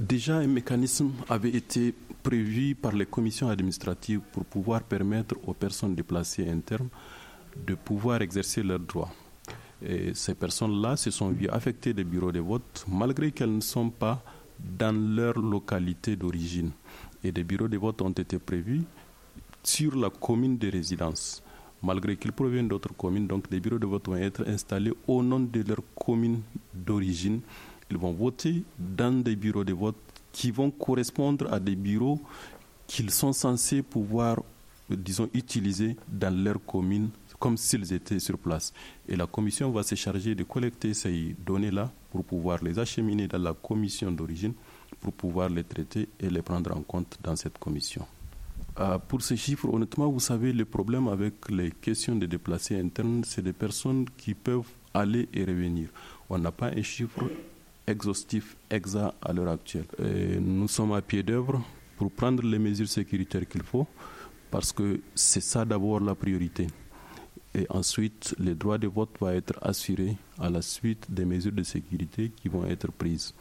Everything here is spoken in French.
Déjà, un mécanisme avait été prévu par les commissions administratives pour pouvoir permettre aux personnes déplacées internes de pouvoir exercer leurs droits. Et ces personnes-là se sont vues affectées des bureaux de vote malgré qu'elles ne sont pas dans leur localité d'origine. Et des bureaux de vote ont été prévus sur la commune de résidence. Malgré qu'ils proviennent d'autres communes, donc des bureaux de vote vont être installés au nom de leur commune d'origine ils vont voter dans des bureaux de vote qui vont correspondre à des bureaux qu'ils sont censés pouvoir, disons, utiliser dans leur commune comme s'ils étaient sur place. Et la commission va se charger de collecter ces données-là pour pouvoir les acheminer dans la commission d'origine, pour pouvoir les traiter et les prendre en compte dans cette commission. Euh, pour ces chiffres, honnêtement, vous savez, le problème avec les questions de déplacés internes, c'est des personnes qui peuvent aller et revenir. On n'a pas un chiffre exhaustif exact à l'heure actuelle. nous sommes à pied d'œuvre pour prendre les mesures sécuritaires qu'il faut, parce que c'est ça d'abord la priorité. Et ensuite, le droit de vote va être assuré à la suite des mesures de sécurité qui vont être prises.